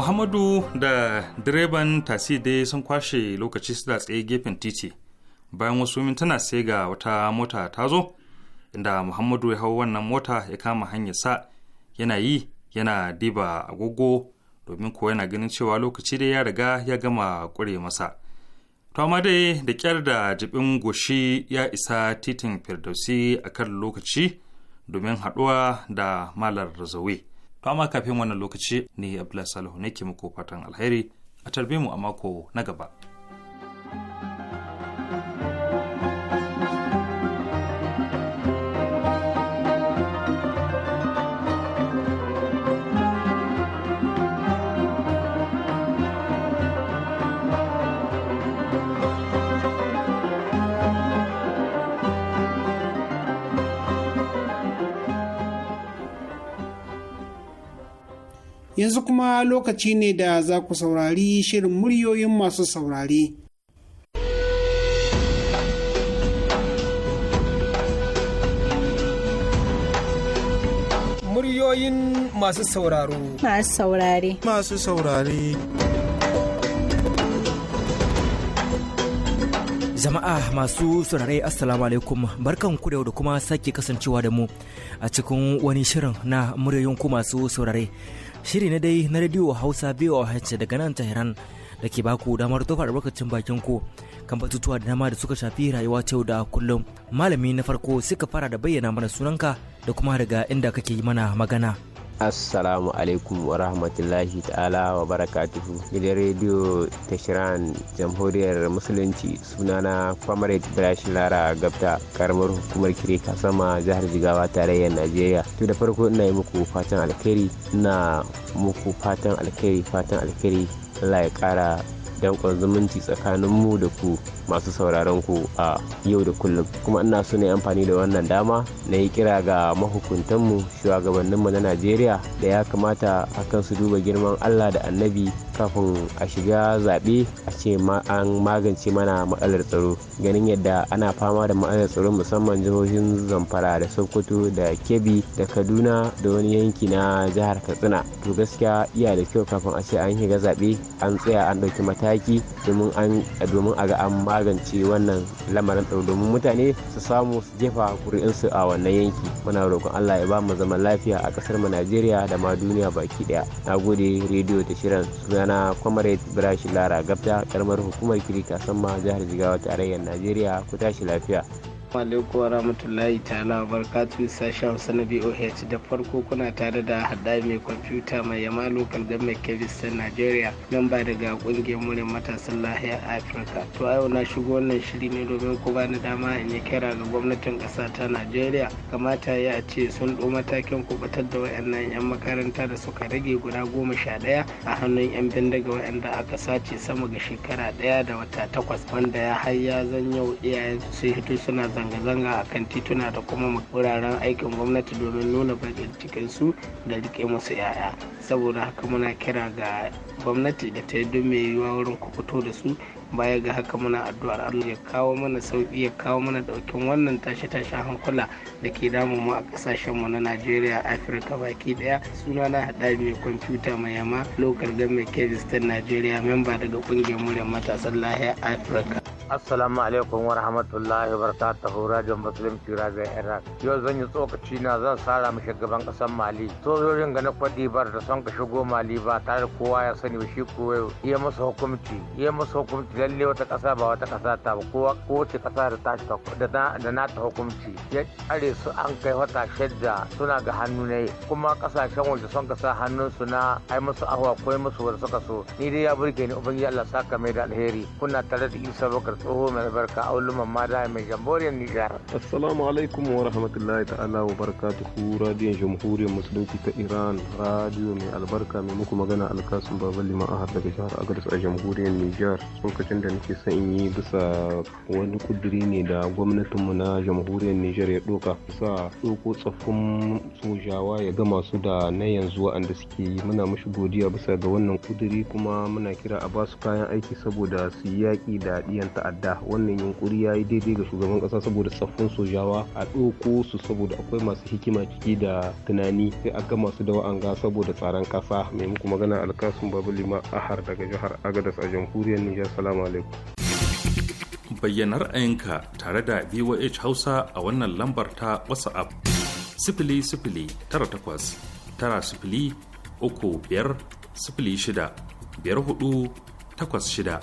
muhammadu da direban tasi dai sun kwashe lokaci suna tsaye gefen titi bayan wasu mintuna sai ga wata mota ta zo inda muhammadu ya hau wannan mota ya kama hanyarsa yana yi yana diba agogo domin kuwa yana ganin cewa lokaci dai ya riga ya gama ƙure masa to amma dai da kyar da jibin goshi ya isa titin firdausi a kan lokaci domin haɗuwa da malar zaue To amma kafin wannan lokaci ne Abdullahi Salihu nake muku fatan alheri a tarbe mu a mako na gaba. thank you yanzu kuma lokaci ne da za ku saurari shirin muryoyin masu saurare. Muryoyin masu sauraro. Masu saurare. Masu saurare. Jama'a masu saurare Assalamu alaikum barkan ku da kuma sake kasancewa da mu a cikin wani shirin na muryoyin ku masu saurare. shiri na dai na radio hausa voh daga nan tehran da ke baku damar tofa albarkacin bakin ku kan batutuwa da dama da suka shafi rayuwa ta yau da kullum malami na farko suka fara da bayyana mana sunanka da kuma daga inda kake mana magana assalamu alaikum wa rahmatullahi ta'ala wa barakatuhu gidan rediyo tashiran jamhuriyar musulunci sunana comrade birashin lara gabta karamar hukumar ka sama jihar jigawa tarayyar najeriya to da farko ina yi muku fatan alkhairi na muku fatan alkhairi fatan alkhairi allah ya kara danƙon zumunci tsakanin mu da ku masu sauraron ku a yau da kullum kuma ina so ne amfani da wannan dama na yi kira ga mahukuntan mahukuntanmu shugabanninmu na najeriya da ya kamata akan su duba girman allah da annabi kafin a shiga zaɓe a ce an magance mana matsalar tsaro ganin yadda ana fama da matsalar tsaro musamman jihohin zamfara da sokoto da kebbi da kaduna da wani yanki na jihar katsina to gaskiya iya da kyau kafin a ce an shiga zaɓe an tsaya an ɗauki mata mataki domin a ga an magance wannan lamarin ɗau domin mutane su samu su jefa kuri'insu a wannan yanki muna roƙon allah ya ba mu zaman lafiya a ƙasar mu najeriya da ma duniya baki ɗaya na gode rediyo ta shirin sunana comrade birashi lara gabta karamar hukumar kirika sama jihar jigawa tarayyar najeriya ku tashi lafiya alaikum warahmatullahi ta'ala wa barakatuhu sashen hausa na BOH da farko kuna tare da hada mai kwamfuta mai yama local government kebis Najeriya nan ba daga kungiyar murin matasan a Afirka. To a yau na shigo wannan shiri ne domin ku bani dama in yi kira ga gwamnatin kasa ta Najeriya kamata ya a ce sun ɗo matakin kubatar da wayannan 'yan makaranta da suka rage guda goma sha ɗaya a hannun 'yan bindiga wayanda aka sace sama ga shekara ɗaya da wata takwas wanda ya har zan yau su sai hito suna zanga-zanga a kan tituna da kuma wuraren aikin gwamnati domin nuna bakin su da rike musu 'ya'ya saboda haka muna kira ga gwamnati da ta yi don mai yiwuwa wurin fito da su baya ga haka muna addu'ar Allah ya kawo mana sauki ya kawo mana daukin wannan tashi tashen hankula da ke damu mu a kasashen mu na Najeriya Afirka baki daya suna na hada mai kwamfuta mai yama local government Kebbi Najeriya memba daga kungiyar muryar matasan lahiyar Afirka Assalamu alaikum wa rahmatullahi wa barakatuhu Radio Muslim Tiraga Iraq. Yau zan yi tsokaci na zan sara mu shugaban kasar Mali. Sojojin ga na kwadi bar da son ka shigo Mali ba tare kowa ya sani shi ko iya masa hukunci, iya masa hukunci lalle wata kasa ba wata kasa ta ba ko wace ƙasa da ta da na ta hukunci ya tsare su an kai wata shadda suna ga hannu ne kuma ƙasashen waje sun kasa hannun su na ai musu ahwa ko musu wanda suka so ni dai ya burge ni ubangiji Allah saka mai da alheri kuna tare da Isa Bakar tsoho mai albarka a ulumar mada mai jamboriyar niger assalamu alaikum wa rahmatullahi ta'ala wa barakatuhu radiyon jamhuriyar musulunci ta Iran radio mai albarka mai muku magana alkasun baban lima daga jihar Agadez a jamhuriyar Nijar sun koke da nake son yi bisa wani kuduri ne da gwamnatinmu na jamhuriyar Nijar ya doka sa doko tsoffin sojawa ya ga masu da na yanzu wa'anda suke yi muna mashi godiya bisa ga wannan kuduri kuma muna kira a basu kayan aiki saboda su yi yaƙi da ɗiyan ta'adda wannan yunkuri ya yi daidai ga shugaban ƙasa saboda tsoffin sojawa a doko su saboda akwai masu hikima ciki da tunani sai a ga masu da wa'anga saboda tsaron ƙasa maimakon magana alkasun babu lima ahar daga jihar agadas a jamhuriyar Nijar salama. assalamu alaikum bayyana ra'ayinka tare da voh hausa a wannan lambar ta whatsapp sifili sifili tara takwas tara sifili uku biyar sifili shida biyar hudu takwas shida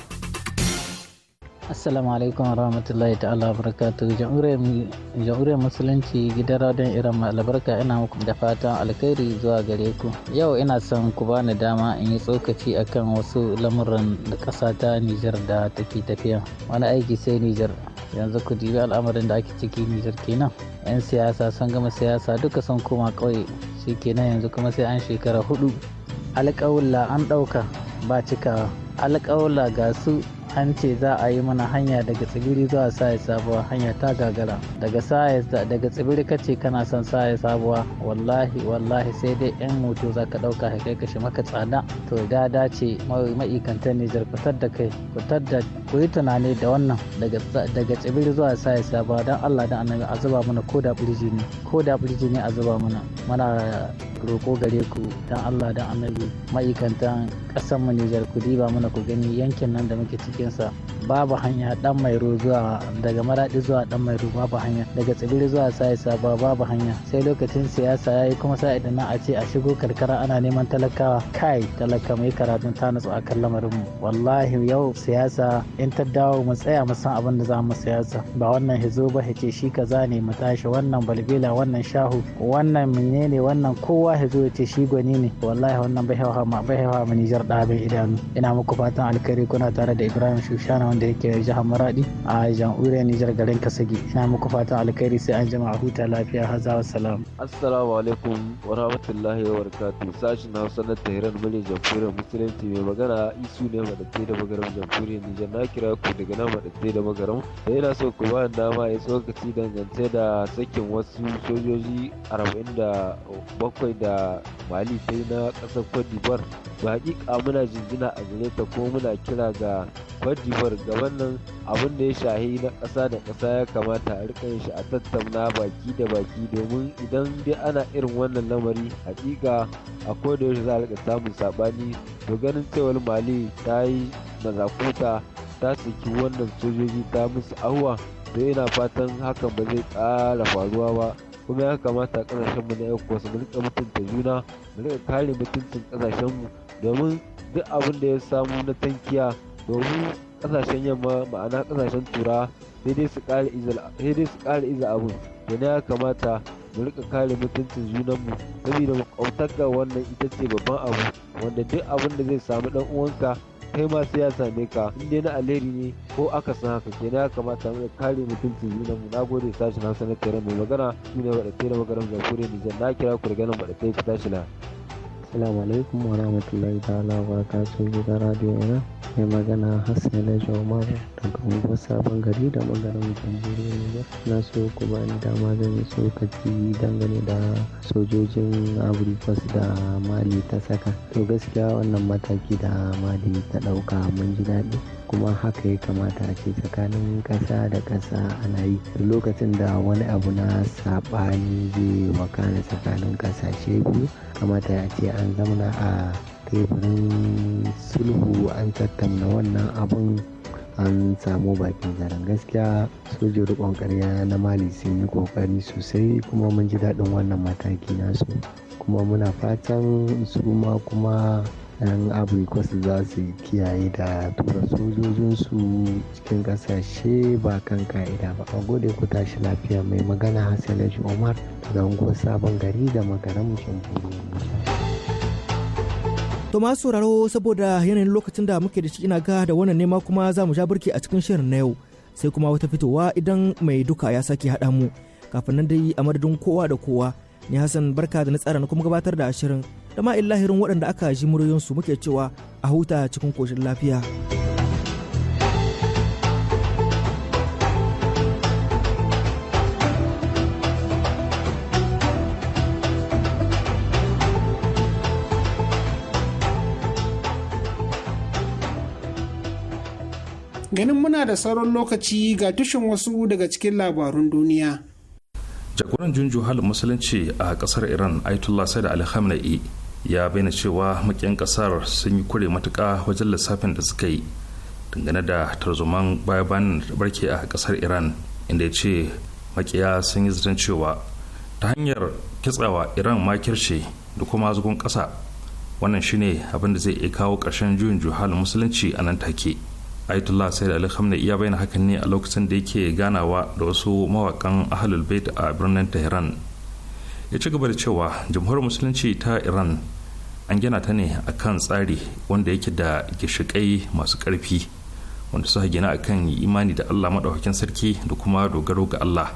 assalamu alaikum warahmatullahi ta'ala barakatu jam'uriyar musulunci gidan radon irin albarka ina muku da fatan alkhairi zuwa gare ku yau ina son ku bani dama in yi tsokaci akan wasu lamuran da ƙasa ta nijar da tafi tafiya wani aiki sai nijar yanzu ku dibi al'amarin da ake ciki nijar kenan yan siyasa sun gama siyasa duka sun koma ƙauye shi kenan yanzu kuma sai an shekara hudu alƙawulla an ɗauka ba cikawa alƙawulla ga su an ce za a yi mana hanya daga tsibiri zuwa saye sabuwa hanya ta gagara daga saye daga tsibiri kace kana son saye sabuwa wallahi wallahi sai dai yan moto za ka ɗauka ka kai kashe maka tsada to da dace ma'aikantan Nijar fitar da kai fitar da ku yi tunani da wannan daga tsibiri zuwa saye sabuwa don Allah da annabi a zuba mana ko da birji ne ko da birji ne a zuba mana mana roko gare ku don Allah da annabi ma'aikantan kasan mu Nijar ku diba mana ku gani yankin nan da muke ciki bakinsa babu hanya dan ru zuwa daga maradi zuwa dan ru babu hanya daga tsibiri zuwa sai saba babu hanya sai lokacin siyasa yayi kuma sai idan a ce a shigo karkara ana neman talakawa kai talaka mai karatun ta nutsu a lamarin mu wallahi yau siyasa in ta dawo mu tsaya mu san abin da za mu siyasa ba wannan hizo ba hace shi kaza ne mu tashi wannan balbila wannan shahu wannan menene wannan kowa hizo ya ce shi gwani ne wallahi wannan bai hawa ma bai hawa mu jar da bai idanu ina muku fatan alkhairi kuna tare da Ibrahim Ibrahim Shushana wanda yake jihar Maradi a jamhuriyar Nijar garin Kasagi. Ina muku fatan alkhairi sai an jama'a huta lafiya haza wa salam. Assalamu alaikum wa rahmatullahi wa barakatuh. na sanar da Tehran Mali Jamhuriyar Musulunci mai magana isu ne madaddai da magaram Jamhuriyar Nijar na kira ku daga nan madaddai da magaram. Da yana so ku ba dama ya tsokaci dangance da sakin wasu sojoji arba'in da bakwai da Mali ta na ƙasar Cote d'Ivoire. Ba hakika muna jinjina a gare ta ko muna kira ga cote d'ivoire gaban abin da ya shahi na ƙasa da ƙasa ya kamata a rika shi a tattauna baki da baki domin idan dai ana irin wannan lamari hakika a koda yaushe za a rika samun saɓani to ganin cewar mali ta yi mazakuta ta saki wannan sojoji ta musu ahuwa to ina fatan hakan ba zai ƙara faruwa ba kuma ya kamata ƙasashen mu na ecowas mu rika mutunta juna mu rika kare mutuncin ƙasashen mu domin duk abin da ya samu na tankiya domin kasashen yamma ma'ana kasashen turawa sai dai su ƙara iza abun da ya kamata mu rika kare mutuncin junanmu saboda ga wannan ita ce babban abu wanda duk abin da zai samu dan uwanka kai ma sai ya same ka in dai na alheri ne ko aka san haka kenan ya kamata mu kare mutuncin junanmu na gode sashen na na tare mai magana shi ne maganar da magaran jamhuriyar nijar na kira ku daga nan baɗaɗe ku tashi na. assalamu wa rahmatullahi ta'ala wa radio ina Mai magana Hassan Jomar daga unguwar Sabon Gari da maganar Jamhuriyar Nijar. Na so ku bani dama zan yi dangane da sojojin abubuwas da Mali ta saka. To gaskiya wannan mataki da Mali ta ɗauka mun ji daɗi. kuma haka ya kamata a ce tsakanin ƙasa da ƙasa ana yi lokacin da wani abu na saɓani zai wakana tsakanin ƙasashe biyu kamata a ce an zamana a teburin sulhu an tattauna wannan abun an samu bakin zaren gaskiya sojin rukon karya na mali sun yi kokari sosai kuma mun ji daɗin wannan mataki nasu kuma muna fatan su ma kuma yan abrikos za su kiyaye da tura sojojinsu cikin ƙasashe ba kan ka'ida ba a gode ku tashi lafiya mai magana hassan omar daga sabon gari da makaran mutum To masu sauraro saboda yanayin lokacin da muke da shi ina ga da wannan nema kuma za mu ja burki a cikin shirin na yau sai kuma wata fitowa idan mai duka ya sake haɗa mu kafin nan dai a madadin kowa da kowa ni Hassan barka da na tsara na kuma gabatar da ashirin da ma illahirin waɗanda aka ji su muke cewa a huta cikin koshin lafiya. ganin muna da sauran lokaci ga tushen wasu daga cikin labarun duniya jagoran junju halin musulunci a kasar iran ayatollah sai da alhamdulillah ya bayyana cewa makiyan kasar sun yi kure matuka wajen lissafin da suka yi dangane da tarzoman baya-bayan barke a kasar iran inda ya ce makiya sun yi zaton cewa ta hanyar kitsawa iran makirce da kuma zugun kasa wannan shine abin da zai iya kawo ƙarshen juyin juhalin musulunci a nan take Aitullah said ali khamenei iya bayyana hakan ne a lokacin da yake ganawa da wasu mawakan ahlul bait a birnin tehran ya ci gaba da cewa jamhuriyar musulunci ta iran an gina ta ne akan tsari wanda yake da gishikai masu ƙarfi wanda suka gina akan imani da allah maɗaukakin sarki da kuma dogaro ga allah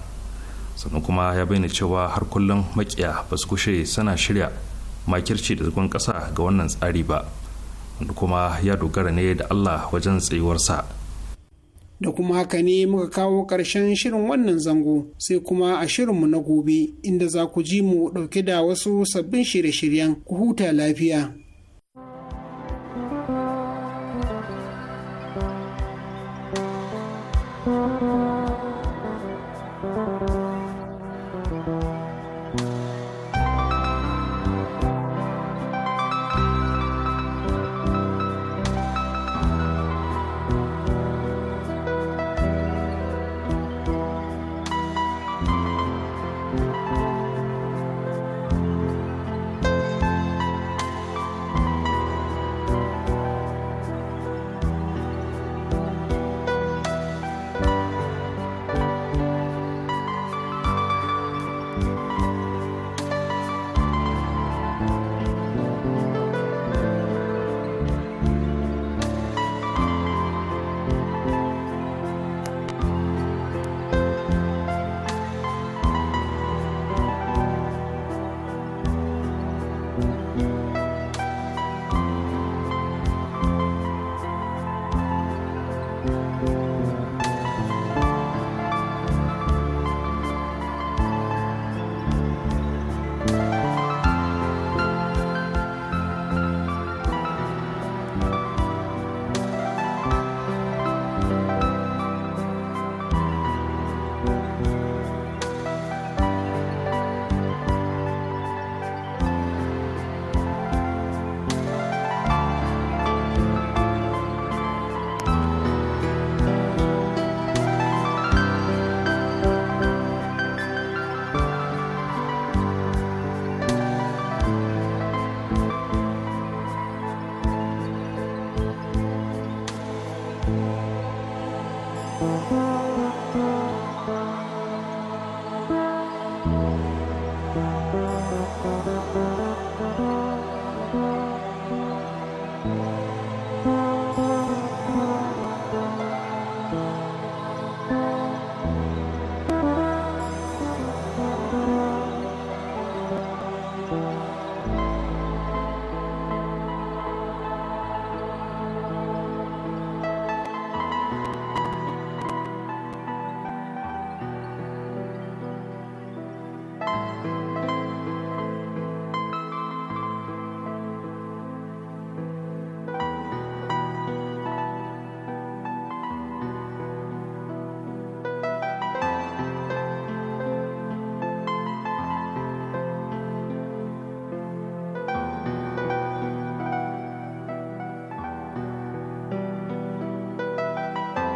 sannan kuma ya bayyana cewa har kullum makiya ba su kushe sana shirya makirci da zagon ƙasa ga wannan tsari ba kuma ya dogara ne da Allah wajen tsayuwarsa. Da kuma haka ne muka kawo ƙarshen shirin wannan zango sai kuma a shirinmu na gobe inda za ku ji mu ɗauke da wasu sabbin shirye-shiryen ku huta lafiya.